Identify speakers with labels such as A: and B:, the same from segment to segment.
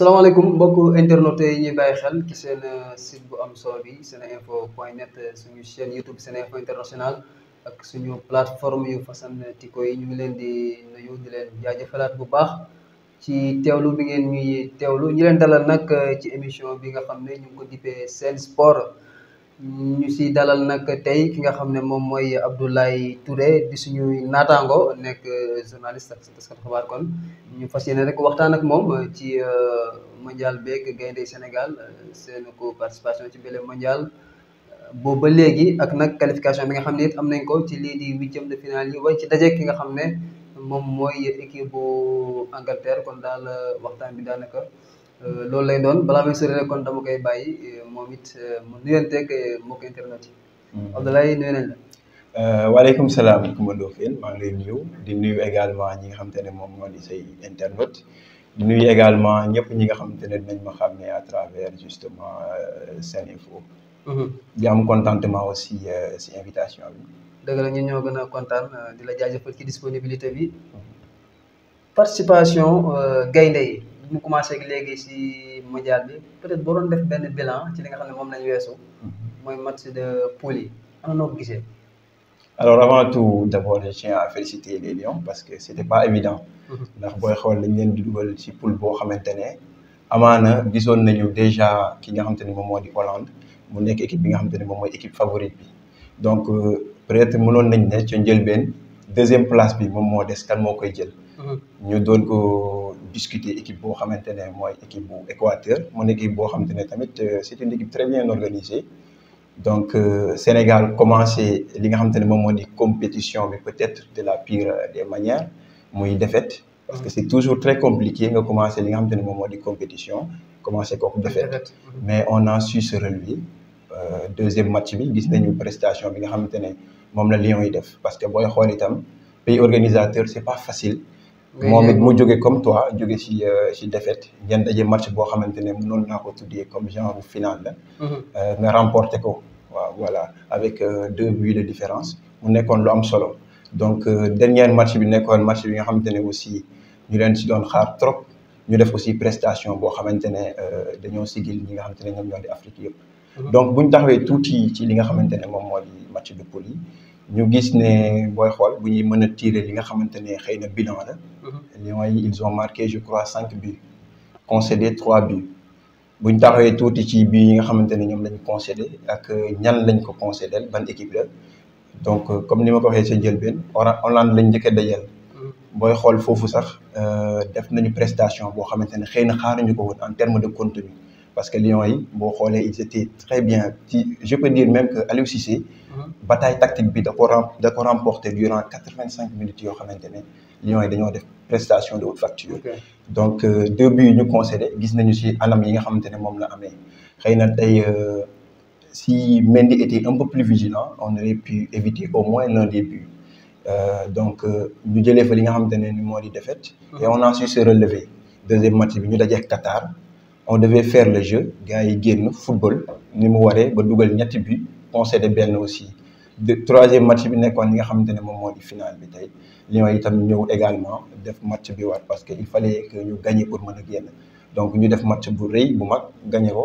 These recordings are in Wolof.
A: salaamaaleykum mbokku internautes yi ñuy bàyyi xel ci seen euh, site bu am solo bi seneinfo point net euh, suñu chaîne YouTube seneinfo international ak suñu plateforme yu fasantikko yi ñu ngi leen di nuyu di leen jaajëfalaat bu baax ci teewlu bi ngeen ñuy teewlu ñu leen dalal nag euh, ci émission bi nga xam ne ñu ngi ko dippee Sen Sport. ñu si dalal nag tey ki nga xam ne moom mooy Abdoulaye Touré di suñu naataango nekk euh, journaliste ak taskat xabaar kon ñu fas yéene rek waxtaan ak moom ci euh, mondial beeg gaynde Sénégal euh, seen ko participation ci bële mondial boobu ba léegi ak nag qualification bi nga xam ne it am nañ ko ci lii di huitième de finale yi way ci daje ki nga xam ne moom mooy équipe bu Angleterre kon daal waxtaan bi daanaka. Euh, loolu lay doon balaa may sori rek kon dama koy bàyyi euh, moom it euh, mu nuyanteeg mbokk internet yi.
B: Mm-hmm. Abdoulaye nuyu nañ la. waaleykum salaam Coumba Ndoffène maa ngi lay nuyu di nuyu également ñi nga xamante ne moom moo di say internet di nuyu également ñëpp ñi nga xamante ne
A: dinañ ma xam ne à travers justement Seneinfo.
B: fo mm-hmm. am contentement aussi si invitation bi.
A: dëgg la ñun ñoo gën a kontaan di la jaajëfal ci disponibilité bi. participation gaynde yi. mu commencé léegi si mondial bi peut-être boo doon def benn bilan ci li nga xam ne moom lañ weesu. Mhm. mooy match de poule yi ana noo ko gisee.
B: alors avant tout d'abord je tiens à féliciter les parce que c'était pas évident. Mhm. ndax booy xool lañ leen di dugal ci boo xamante ne amaana gisoon nañu déjà ki nga xamante ne moom moo di Hollande mu nekk équipe bi nga xamante ne moom mooy équipe favorite bi donc euh, peut-être mënoon nañ ne ca njëlbeen deuxième place bi moom moo des kan moo koy jël. ñu doon ko discuter équipe boo xamante ne mooy équipe bu Équateur mu nekk équipe boo xamante ne tamit euh, c' est une équipe très bien organisée euh, li nga xamante ne moom moo di compétition bi peut-être de la pire des manières muy défaite que c' est toujours très compliqué nga li nga xamante ne moom moo di compétition commencé kooku défaite mm-hmm. mais on a su se relever euh, deuxième gis nañu prestation bi nga xamante ne moom la Lions yi def parce que booy xool itam pays organisateur c' pas facile moom it mu jóge comme toi jóge ci euh, ci défaite ngeen daje match boo xamante ne noonu naa ko tuddee comme genre finale la. Mhm. Euh, nga remporté ko. waaw voilà avec euh, deux buts de différence mu nekkoon lu am solo donc dernier match bi nekkoon match bi nga xamante ne aussi ñu leen ci doon xaar trop ñu def aussi prestation boo xamante ne dañoo sigil ñi nga xamante ne ñoom ñoo di Afrique yëpp. Mhm. donc bu ñu taxawee tuuti ci li nga xamante ne moom moo di match de poule ñu gis ne booy xool bu ñuy mën a tirer li nga xamante ne xëy na bilan la. Mhm. Lions yi ils ont marqué je crois cinq buts concédé trois buts buñ taxawee tuuti ci bii yi nga xamante ne ñoom lañ concédé ak ñan lañ ko concédé ban équipe la donc euh, comme ni ma ko waxee sa njëlbeen Hollande lañ njëkk a dajal mhm. booy xool foofu sax euh, def nañu prestation boo xamante ne xëy na xaaruñu ko woon en terme de contenu. parce que Lions yi boo xoolee ils étaient très bien ci je peux dire même que Aliou Cissé. Mhm. bataille tactique bi da ko da ko remporté durant quatre vingt cinq minutes yoo xamante ne Lions yi dañoo def prestation de haute facture. donc euh, deux buts yi ñu concédé gis nañu si anam yi nga xamante ne moom la amee xëy na tey. Euh, si Mendy était un peu plus vigilant on aurait pu éviter au moins l'un des buts euh, donc euh, ñu jëlee fa li nga xamante ne ni moo di défaite mhm. et on a su se relever deuxième mati bi ñu dajeek Qatar on devait faire le jeu gars yi génn football ni mu waree ba dugal ñetti but concédé benn aussi de troisième match bi nekkoon li nga xamante ne moom moo di final bi tey Lions itam ñëw également def match bi war parce que il fallait que ñu gagné pour mën a génn donc ñu def match bu rëy bu mag gagné ko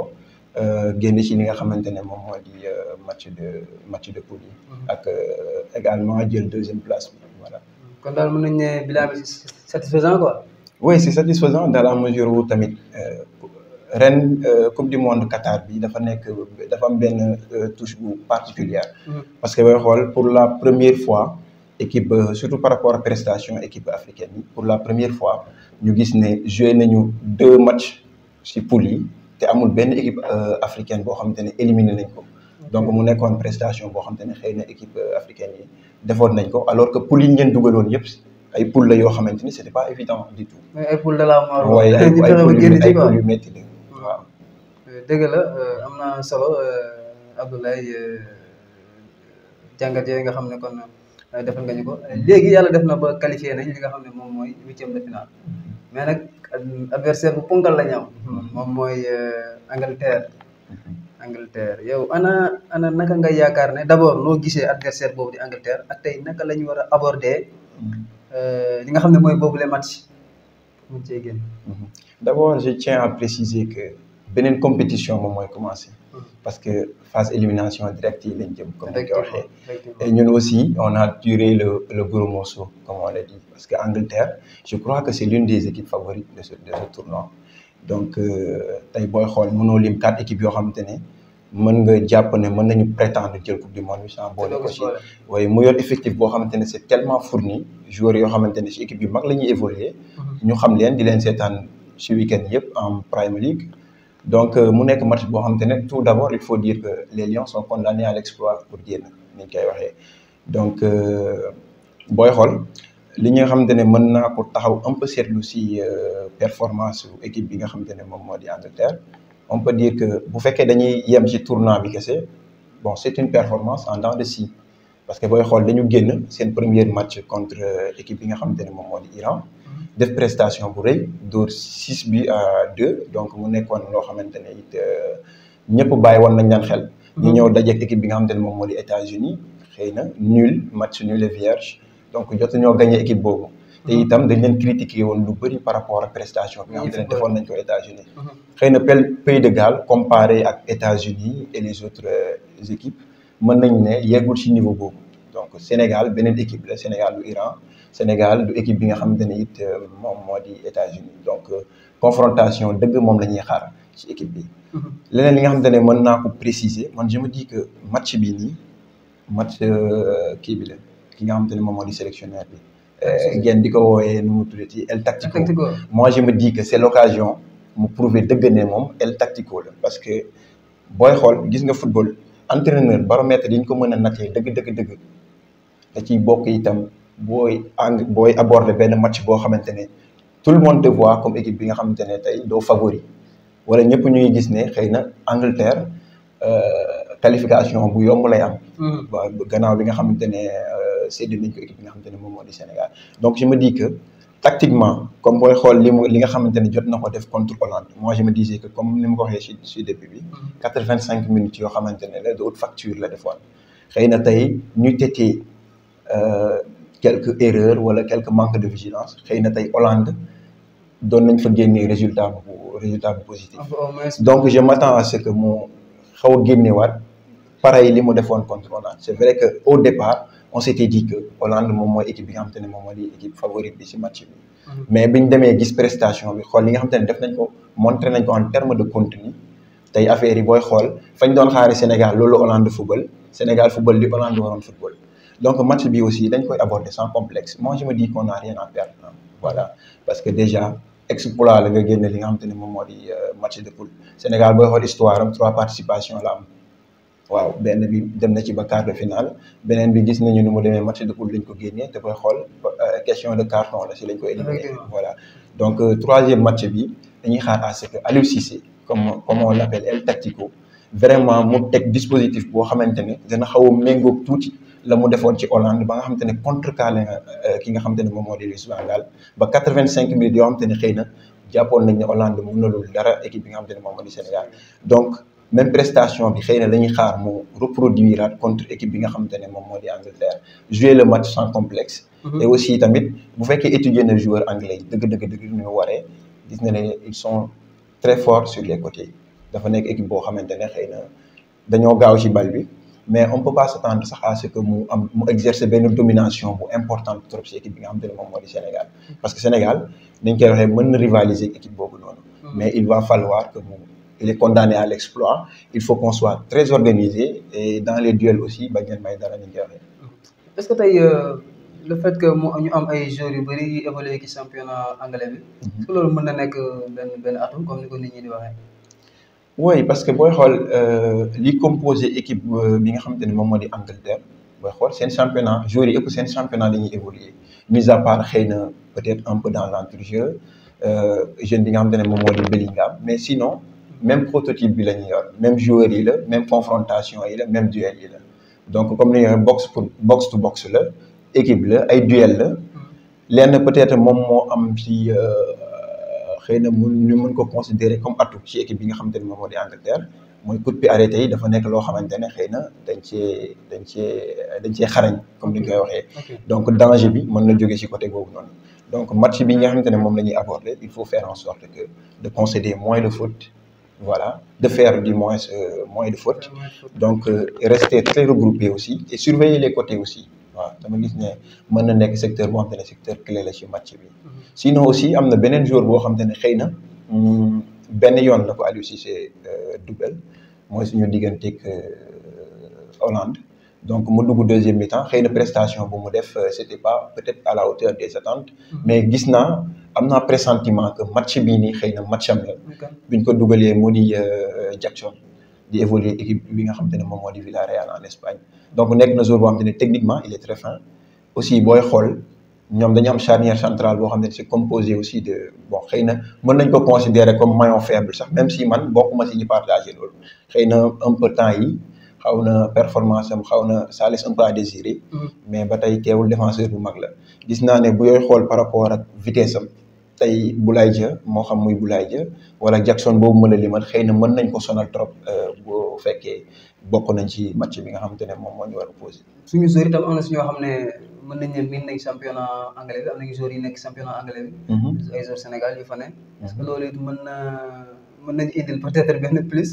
B: euh, génn ci li nga xamante ne moom moo di euh, match de match de poule yi. Mhm. ak euh, également jël deuxième place bi voilà. kon daal mën nañu ne bilan bi satisfaisant quoi. oui c'est ren euh, coupe du monde Qatar bi dafa nekk dafa am benn euh, touche bu particulière mm-hmm. parce que booy xool pour la première fois équipe euh, surtout par rapport à prestation équipe africaine bi pour la première fois ñu gis ne joué nañu deux matchs ci poule yi te amul benn équipe africaine boo xamante ne éliminé nañ ko donc mu nekkoon prestation boo xamante ne xëy na équipe africaine yi defoon nañ ko alors que poule yi ngeen dugaloon yëpp ay poule la yoo xamante ni c'était
A: dëgg la euh, am na solo euh, Abdoulaye euh, jàngat yooyu nga xam ne kon defal nga ñu ko léegi yàlla def na ba qualifié nañ li nga xam ne moom mooy huitième de finale mais nag adversaire bu ponkal la ñu am moom mooy Angleterre Angleterre yow ana ana naka nga yaakaar ne d'abord noo gisee adversaire boobu di Angleterre ak tey naka la ñu war a aborder li nga xam ne mooy boobule match mu cee génn je tiens
B: à préciser que beneen compétition moom mooy commencer. Hmm. parce que phase élimination directe yi lañ jëm. comme ni ko waxee et ñun aussi on a duré le le l'a dit parce que Angleterre je crois que c'est l'une des équipes favorites de ce tournoi donc euh, tey booy xool mënoo lim quatre équipes yoo xamante ne mën nga jàpp ne mën nañu prétendre jël coupe du monde bi sans boole ko ci waaye mu boo xamante ne c'est tellement fourni joueurs yoo xamante ne ci équipe yu mag la ñuy évoluer hmm. ñu xam leen di leen seetaan ci week-end yëpp en Premier League donc euh, mu nekk match boo xamante ne tout d' abord il faut dire que les lions sont condamnés à l'exploit pour génn ni ñu koy waxee donc euh, booy xool li nga xamante ne mën naa ko taxaw un peu seetlu si euh, performance su équipe bi nga xamante ne moom moo di Angleterre on peut dire que bu fekkee dañuy yem ci tournant bi kese boo c' est une performance en dents de scie parce que booy xool dañu génn seen premier match contre équipe bi nga xamante ne moom moo di Iran def prestation bu rëy dóor 6 bi à donc mu nekkoon loo xamante ne it euh, ñëpp bàyyi woon nañ daan xel. ñu mhm. ñëw dajeeg équipe bi nga xamante ne moom moo li États-Unis xëy na nul match nul et vierge donc jot ñoo gagné équipe boobu. te mhm. itam dañ leen critiqué woon lu bëri par rapport ak prestation bi nga defoon nañ ko États-Unis mhm. xëy na pel pays de Galles comparé ak États-Unis et les autres euh, équipes mën nañ ne yeggul ci niveau boobu donc Sénégal beneen équipe la Sénégal lu Iran. Sénégal du équipe bi nga xamante ne it euh, moom moo di États-Unis donc euh, confrontation dëgg moom la ñuy xaar ci équipe bi. Mhm. leneen li nga xamante ne mën naa ko préciser man je me dis que match bi nii match euh, kii bi la ki nga xamante ne moom moo di bi. ngeen di ko wooyee nu mu tuddati El Tactico. moi je me dis que c' mu prouver dëgg ne moom El Tactico parce que booy xool gis nga football entraîneur baromètre yi ñu ko mën a nattee dëgg dëgg dëgg da ciy bokk itam. booy eng booy aborder benn match boo xamante ne tout le monde te voit comme équipe bi nga xamante ne tey doo favori wala ñëpp ñuy gis ne xëy na Angleterre euh, qualification bu yomb lay am. waaw mm. gannaaw bi nga xamante ne euh, séddale nañ ko équipe bi nga moom moo di Sénégal donc je me dis comme booy xool li mu li nga xamante ne jot na ko def contre Hollande moi je me disais que comme ni ma ko waxee si si début bi mm. quatre vingt cinq minutes yoo xamante ne la de haute facture la defoon xëy na tey ñu tétee euh, quelque erreur wala quelque manque de vigilance xëy na tey Hollande doon nañ fa génnee résultat bu résultat bu positif ah, donc je m'attends à ce que mu xaw a génnewaat pareil li mu defoon contre Hollande c'est vrai que au départ on s'était dit Hollande moom mooy équipe bi nga xamante ne moom mooy équipe favorite bi ci match bi mhm. mais biñ demee gis prestation bi xool li nga xamante ne def nañ ko montré nañ ko en terme de contenu tey affaire yi booy xool fañ doon xaare Sénégal donc match bi aussi dañ koy aborder sans complexe moi je me dis qu'on n'a rien voilà parce que déjà exploit la nga génne li nga xamante ne moom moo di euh, match de poule Sénégal booy xool histoire am trois participations la waaw benn bi dem na ci ba quart de finale beneen bi gis nañu nu mu demee match de poule lañ ko génnee te booy xool euh, question de carton la si lañ ko éliminé voilà donc euh, troisième match bi dañuy xaar à ce que Aliou Cissé comme comme on l'appelle El Tactico vraiment mu teg dispositif boo xamante ne dana xaw a tuuti la mu defoon ci Hollande ba nga xamante contre contrecarré euh, ki nga xamante ne moom moo di Louis Van Gaal ba quatre-vingt-cinq minutes yoo xamante ne xëy na jàppoon nañ ne Hollande mënalul dara équipe bi nga xamante ne moom moo di Sénégal donc même prestation bi xëy na la ñuy xaar mu reproduiraat contre équipe bi nga xamante ne moom moo di Angleterre jouer le match sans complexe. Mm-hmm. et aussi tamit bu fekkee étudier na joueur anglais dëgg dëgg dëgg nu mu waree gis na ne ils sont très forts les côtés dafa nekk équipe boo xamante ne xëy na dañoo gaaw ci bal bi. mais on peut pas s'attendre sax a ce que mu am mu exercer benn domination bu importante trop ci équipe bi nga xam te ne moom Sénégal parce que Sénégal nañ koy waxee mën na rivaliser équipe boobu noonu mm-hmm. mais il va falloir que mu il est condamné à l'exploit il faut qu'on soit très organisé et dans les duels aussi bañ leen may dara ñu koy waxee
A: mm-hmm. est-ce que tey euh, le fait que mu ñu am ay joueurs yu bëri yu évolué ci championnat anglais bi mm-hmm. est-ce que loolu mën na nekk euh, benn benn atout comme ni ko nit ñi di waxee
B: oui parce que booy xool euh, li composé équipe euh, bi nga xamante ne moom moo di Angleterre boo xool seen championnat joueurs yi ëpp seen championnat dañuy évoluer mis à part xëy na peut-être un peu dans l'entre-jeu euh, jeune bi nga xamante ne moom moo di Bellingham mais sinon même prototype bi la ñu yor même joueurs yi la même confrontation yi la même duel yi la donc comme ni ñu box pour box to box la équipe la ay duel la mm. lenn peut-être moom moo am ci. xëy na mu mun ko considérer comme atout ci équipe bi nga xamante ni moom moo di Angleterre mooy coup de pied arrêté dafa nekk loo xamante ne xëy na dañ cee dañ dañ cee xarañ comme ni ñu koy waxee. donc danger bi mën na jóge ci côté boobu noonu. donc match bi nga xamante ne moom la ñuy aborder il faut faire en sorte que de concéder moins de fautes voilà de faire du moins euh, de fautes donc euh, rester très regroupé aussi et surveiller les côtés aussi. waaw dama gis ne mën na nekk secteur boo xam te ne secteur clé la ci match bi. Mhm. sinon aussi am na beneen joueur boo xam ne xëy na mm, benn yoon la ko Aliou Cissé euh, dugal mooy suñu digganteeg euh, Hollande. donc mu dugg deuxième mi-temps xëy na prestation bu mu def euh, c'était pas peut-être à la hauteur des attentes mhm. mais gis naa am naa pressentiment que match bii nii xëy na match am la. buñ ko dugalee moo di Jackson. di évoluer équipe bi nga xamante ne moom moo di Villarreal en Espagne donc nekk na joueur boo xamante ne techniquement il est très fin aussi booy xool ñoom dañu am charnière centrale boo xam ne c'est composé aussi de bon xëy na mën nañ ko considérer comme maillon faible sax même si man bokkuma si ñu partagé loolu xëy na un temps yi xaw na performance am xaw na ça laisse un peu mm. mais ba tey teewul défenseur bu mag la gis naa ne bu yooy xool par rapport ak vitesse am tey Boulaye Dia moo xam muy Boulaye ja wala Jackson boobu mën a limal xëy na mën nañ ko sonal trop euh, bu fekkee bokk nañ ci match bi nga xamante ne moom moo war opposé.
A: suñu joueur itam am na xam ne mën nañ ne miin nañ championnat anglais bi am yi nekk championnat anglais bi. Mhm. ay joueur Sénégal yu fa ne. parce mhm. mën na mën nañu indil peut-être benn plus.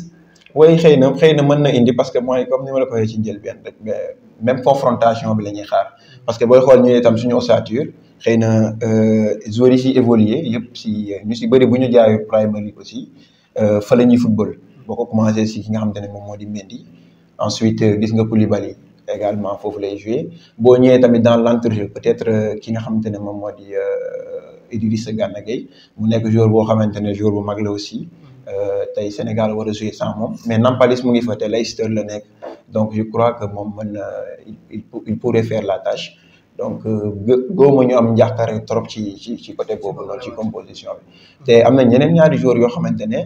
A: way xëy na xëy na mën na
B: indi parce que mooy comme ni ma la ko waxee ci njëlbeen rek même confrontation bi la ñuy xaar parce que booy xool ñu ne itam suñu ossature. xëy na euh, joueurs yi si évolué yëpp si ñu bëri bu ñu jaayu primary aussi euh, fa la ñuy football boo ko commencé si ki nga xamante ne moom moo di Mendy ensuite euh, gis nga Koulibaly également foofu lay joué boo ñëwee tamit dans l'entrejeu peut-être ki nga xamante ne moom moo di Idrissa Gana Gueye mu nekk joueur boo xamante ne joueur bu mag la aussi tey Sénégal wara a joué moom mais Nampalys mu ngi fa te Leicester la nekk donc je crois que moom mën na il pourrait faire la tâche donc euh, góoma ñu am njàqare trop ci ci ci côté boobu noonu ci composition bi te am na ñeneen ñaari joueurs yoo xamante ne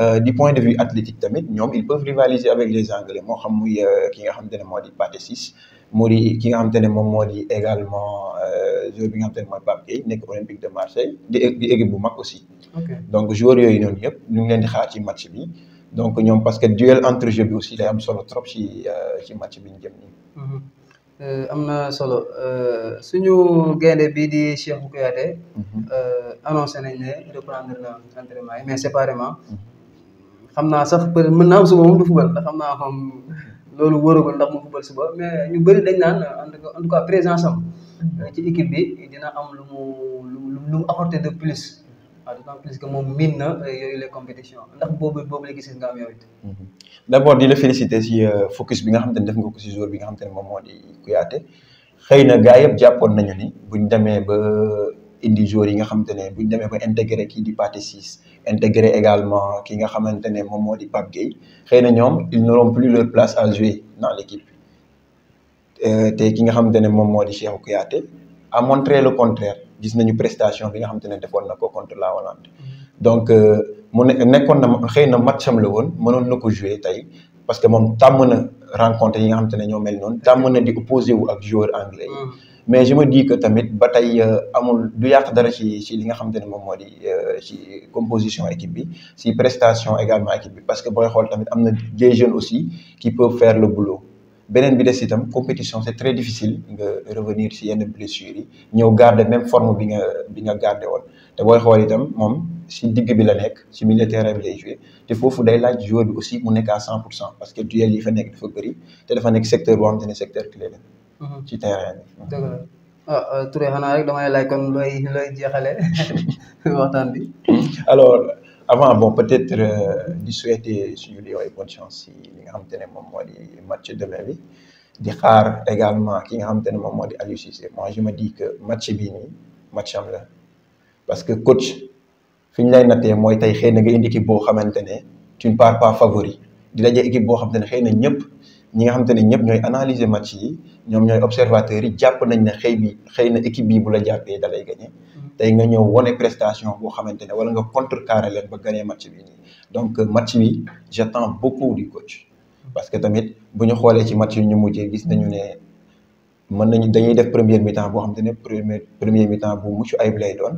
B: euh, du point de vue athlétique tamit ñoom ils peuvent rivaliser avec les anglais moo xam muy euh, ki nga xamante ne moo di Pathé Ciss moo di ki nga xamante ne moom moo di également joueur bi nga xamante ne mooy nekk Olympique de Marseille di di équipe bu mag aussi donc joueurs yooyu noonu yëpp ñu ngi leen di xaar ci match bi donc ñoom parce que duel entre jeu bi aussi day am solo trop ci ci
A: match bi ñu jëm Euh, am na solo euh, suñu gaynde bii di Cheikhou Kouyaté. Mhm. Euh, annoncé nañ ne reprendre na entraînement yi mais séparément. Mhm. xam naa sax peut mën naa am suba moom du fubal ndax xam naa moom loolu wóoragul ndax mu fubal suba mais ñu bëri dañ naan en tout cas présence am. Mhm. ci équipe bi dina am lu mu lu mu apporter de plus. waaw d'autant que moom miin na euh, yooyu les compétitions ndax boobu boobu la gis nga am yow it.
B: Mhm. d' abord di la féliciter si euh, focus bi nga xam te ne def nga ko si jour bi nga xam te ne di Kouyaté xëy na gars yëpp jàppoon nañu ni buñ demee ba indi jour yi nga xamante te ne buñ demee ba intégré ki di Pathé Ciss intégré également ki nga xamante ne moom moo di Pape Gueye xëy na ñoom ils n'auront plus leur place à jouer dans l' euh, te ki nga xamante ne moom moo di Cheikhou Kouyaté a montré le contraire. gis nañu prestation bi nga xamante ne defoon na ko contre la Hollande. Mm-hmm. donc euh, mu ne nekkoon na xëy na matcham la woon mënoon na ko jouer tey parce que moom tàmm na rencontre yi nga xamante ne ñoo mel noonu. tàmm na di opposé wu ak joueur anglais yi. Mm-hmm. mais je me dis ko tamit ba tey euh, amul du yàq dara ci ci li nga xamante ne moom moo di euh, ci composition équipe bi si prestation également équipe bi parce que booy xool tamit am na des jeune aussi qui peuvent faire le boulot. beneen bi des itam compétition c'est très difficile nga revenir si yenn blessures yi ñëw garder même forme bi nga bi nga garder woon te booy xool itam moom si digg bi la nekk si milieu terrain bi lay joué te foofu day laaj joueur bi aussi mu nekk cent pour cent parce que duel yi fa nekk dafa bëri te dafa nekk secteur boo xam te ne secteur clé la mhm. ci terrain
A: bi dëgg la ah euh, Touré xanaa rek damay laaj kon looy looy jeexale
B: waxtaan bi alors avant bon peut être di euh, souhaiter suñu li ay bonne chance si li nga xam xamante ne moom moo di match demain bi di xaar également ki nga xamante ne moom moo di Aliou Cissé moi je me dis que match bii nii match la parce que coach fi ñu lay nattee mooy tey xëy na nga indi équipe boo xamante ne tu ne pars pas favori di daje équipe boo xamante ne xëy na ñëpp ñi nga xamante ne ñëpp ñooy analyser match yi ñoom ñooy observateurs yi jàpp nañ ne xëy bi xëy na équipe bi bu la jàppee da lay tey nga ñëw wone prestation boo xamante ne wala nga contrecarrer leen ba gagné match bi donc euh, match bi j'attends beaucoup du coach parce que tamit bu ñu xoolee ci match yi ñu mujjee gis nañu ne mën nañu dañuy def première mi boo xamante ne premier première mi-temps bu mucc ayib lay doon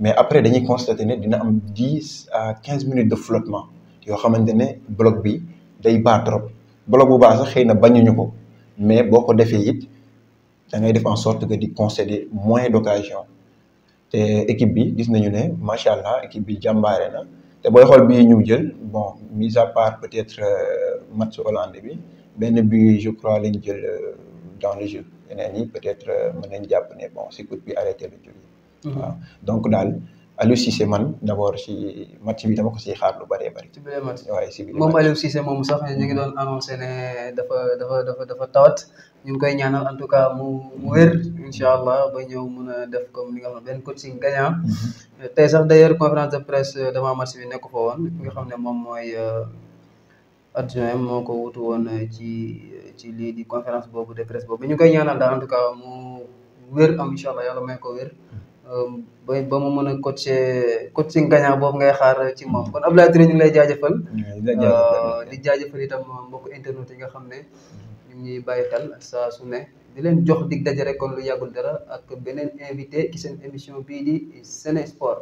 B: mais après dañuy constater ne dina am dix à quinze minutes de flottement yoo xamante ne bloc bi day baax trop bloc bu baax sax xëy na bañuñu ko mais boo ko defee it da ngay def en sorte que di concéder moins d'occasion te équipe bi gis nañu ne macha allah équipe bi jàmbaare na te booy xool bi ñu jël bon mise à part peut-être euh, match Hollande bi benn bi je crois lañ jël euh, dans le jeu yeneen yi peut-être euh, mën nañ jàpp ne bon si coup bi arrêté la jógee. Mm-hmm. donc daal. Aliou Cissé man d' abord ci match bi dama ko siy xaar lu bëree
A: bëri. ci biir moom Aliou Cissé moom sax ñu ngi doon annoncé ne dafa dafa dafa dafa tawat ñu ngi koy ñaanal en tout cas mu mu wér incha allah ba ñëw mun a def comme benn coaching gagnant. Mm-hmm. tey sax d' ailleurs conférence de presse euh, devant match bi nekk ko woon nga xam ne moom mooy euh, adjoint moo ko wutu woon euh, ci ci lii di conférence boobu de presse boobu ñu koy ñaanal daal en tout cas mu wér am incha allah yàlla may ko wér. Euh, ba ba mu mën a coacher coaching gagnant boobu ngay xaar ci moom kon Abdoulaye Touré ñu lay jaajëfal. Mm, euh, di jaajëfal itam mbokk internet yi nga xam ne ñu ngi bàyyi tal saa su ne di leen jox dig daje rek lu yàggul dara ak beneen invité ci seen émission bii di Séné Sport.